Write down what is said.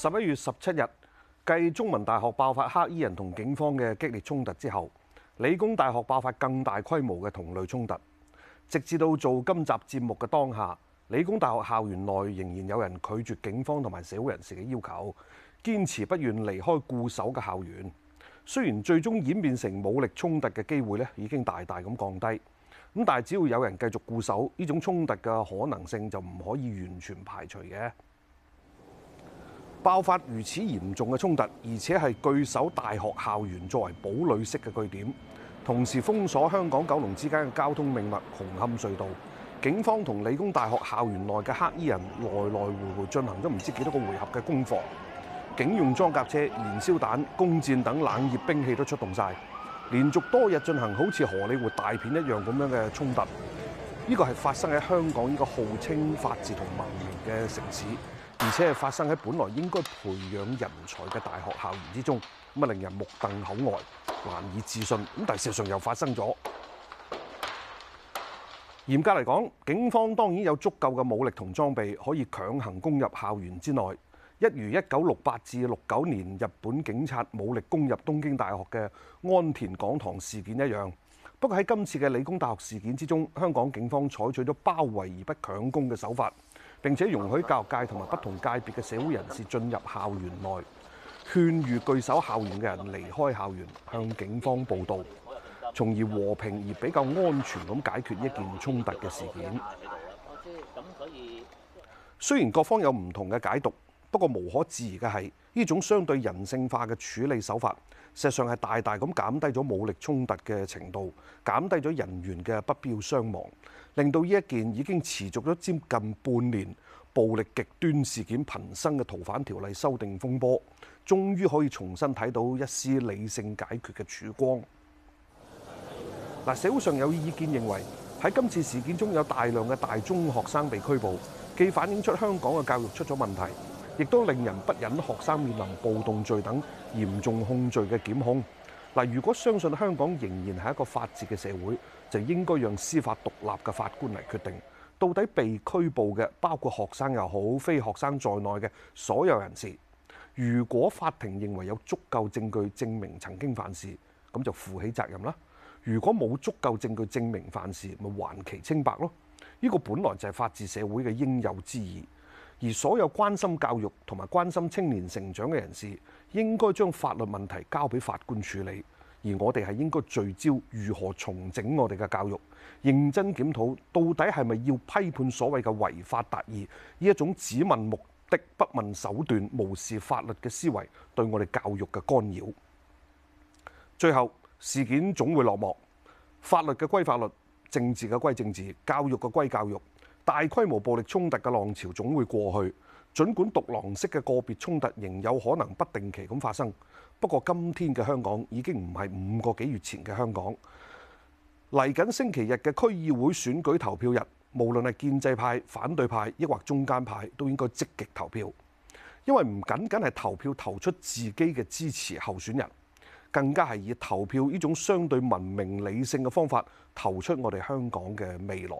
十一月十七日，繼中文大學爆發黑衣人同警方嘅激烈衝突之後，理工大學爆發更大規模嘅同類衝突。直至到做今集節目嘅當下，理工大學校園內仍然有人拒絕警方同埋社會人士嘅要求，堅持不願離開固守嘅校園。雖然最終演變成武力衝突嘅機會呢已經大大咁降低，咁但係只要有人繼續固守，呢種衝突嘅可能性就唔可以完全排除嘅。爆發如此嚴重嘅衝突，而且係據守大學校園作為堡壘式嘅據點，同時封鎖香港九龍之間嘅交通命脈紅磡隧道。警方同理工大學校園內嘅黑衣人來來回回進行咗唔知幾多個回合嘅攻防，警用裝甲車、燃燒彈、弓箭等冷熱兵器都出動晒，連續多日進行好似荷里活大片一樣咁樣嘅衝突。呢個係發生喺香港呢個號稱法治同文明嘅城市。而且係發生喺本來應該培養人才嘅大學校園之中，咁啊令人目瞪口呆、難以置信。咁但事實上又發生咗。嚴格嚟講，警方當然有足夠嘅武力同裝備，可以強行攻入校園之內，一如一九六八至六九年日本警察武力攻入東京大學嘅安田講堂事件一樣。不過喺今次嘅理工大學事件之中，香港警方採取咗包圍而不強攻嘅手法。並且容許教育界同埋不同界別嘅社會人士進入校園內，勸喻據守校園嘅人離開校園，向警方報到，從而和平而比較安全咁解決一件衝突嘅事件。雖然各方有唔同嘅解讀。不過，無可置疑嘅係，呢種相對人性化嘅處理手法，實際上係大大咁減低咗武力衝突嘅程度，減低咗人員嘅不必要傷亡，令到呢一件已經持續咗接近，近半年暴力極端事件頻生嘅逃犯條例修訂風波，終於可以重新睇到一絲理性解決嘅曙光。嗱、嗯，社會上有意見認為喺今次事件中有大量嘅大中學生被拘捕，既反映出香港嘅教育出咗問題。亦都令人不忍，學生面臨暴動罪等嚴重控罪嘅檢控。嗱，如果相信香港仍然係一個法治嘅社會，就應該讓司法獨立嘅法官嚟決定，到底被拘捕嘅，包括學生又好，非學生在內嘅所有人士，如果法庭認為有足夠證據證明曾經犯事，咁就負起責任啦；如果冇足夠證據證明犯事，咪還其清白咯。呢個本來就係法治社會嘅應有之義。而所有關心教育同埋關心青年成長嘅人士，應該將法律問題交俾法官處理，而我哋係應該聚焦如何重整我哋嘅教育，認真檢討到底係咪要批判所謂嘅違法達義呢一種只問目的、不問手段、無視法律嘅思維對我哋教育嘅干擾。最後，事件總會落幕，法律嘅歸法律，政治嘅歸政治，教育嘅歸教育。大規模暴力衝突嘅浪潮總會過去，儘管獨狼式嘅個別衝突仍有可能不定期咁發生。不過，今天嘅香港已經唔係五個幾月前嘅香港。嚟緊星期日嘅區議會選舉投票日，無論係建制派、反對派抑或中間派，都應該積極投票，因為唔僅僅係投票投出自己嘅支持候選人，更加係以投票呢種相對文明理性嘅方法，投出我哋香港嘅未來。